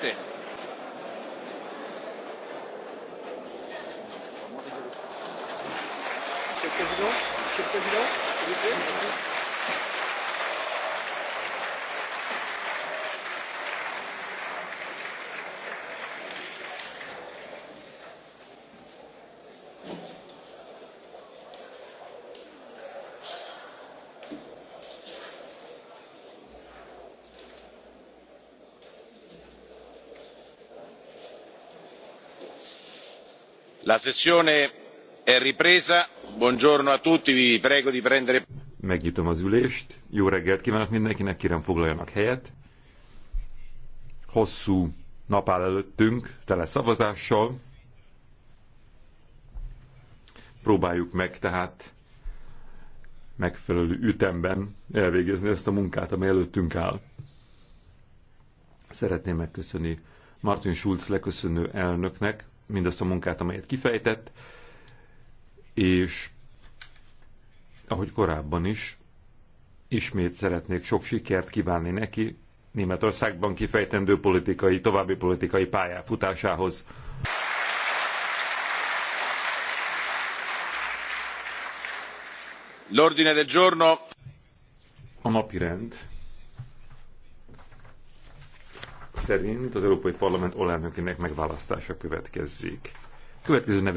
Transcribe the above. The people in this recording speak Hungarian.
presidente monsieur le président s'il vous plaît. la sessione è ripresa buongiorno a tutti vi prego di prendere. megnyitom az ülést jó reggelt kívánok mindenkinek kérem foglaljanak helyet hosszú nap áll előttünk tele szavazással próbáljuk meg tehát megfelelő ütemben elvégezni ezt a munkát, ami előttünk áll. Szeretném megköszönni Martin Schulz leköszönő elnöknek, mindazt a munkát, amelyet kifejtett, és ahogy korábban is, ismét szeretnék sok sikert kívánni neki Németországban kifejtendő politikai, további politikai pályáfutásához. L'ordine del giorno. A szerint az Európai Parlament alelnökének megválasztása következzék. Következő neve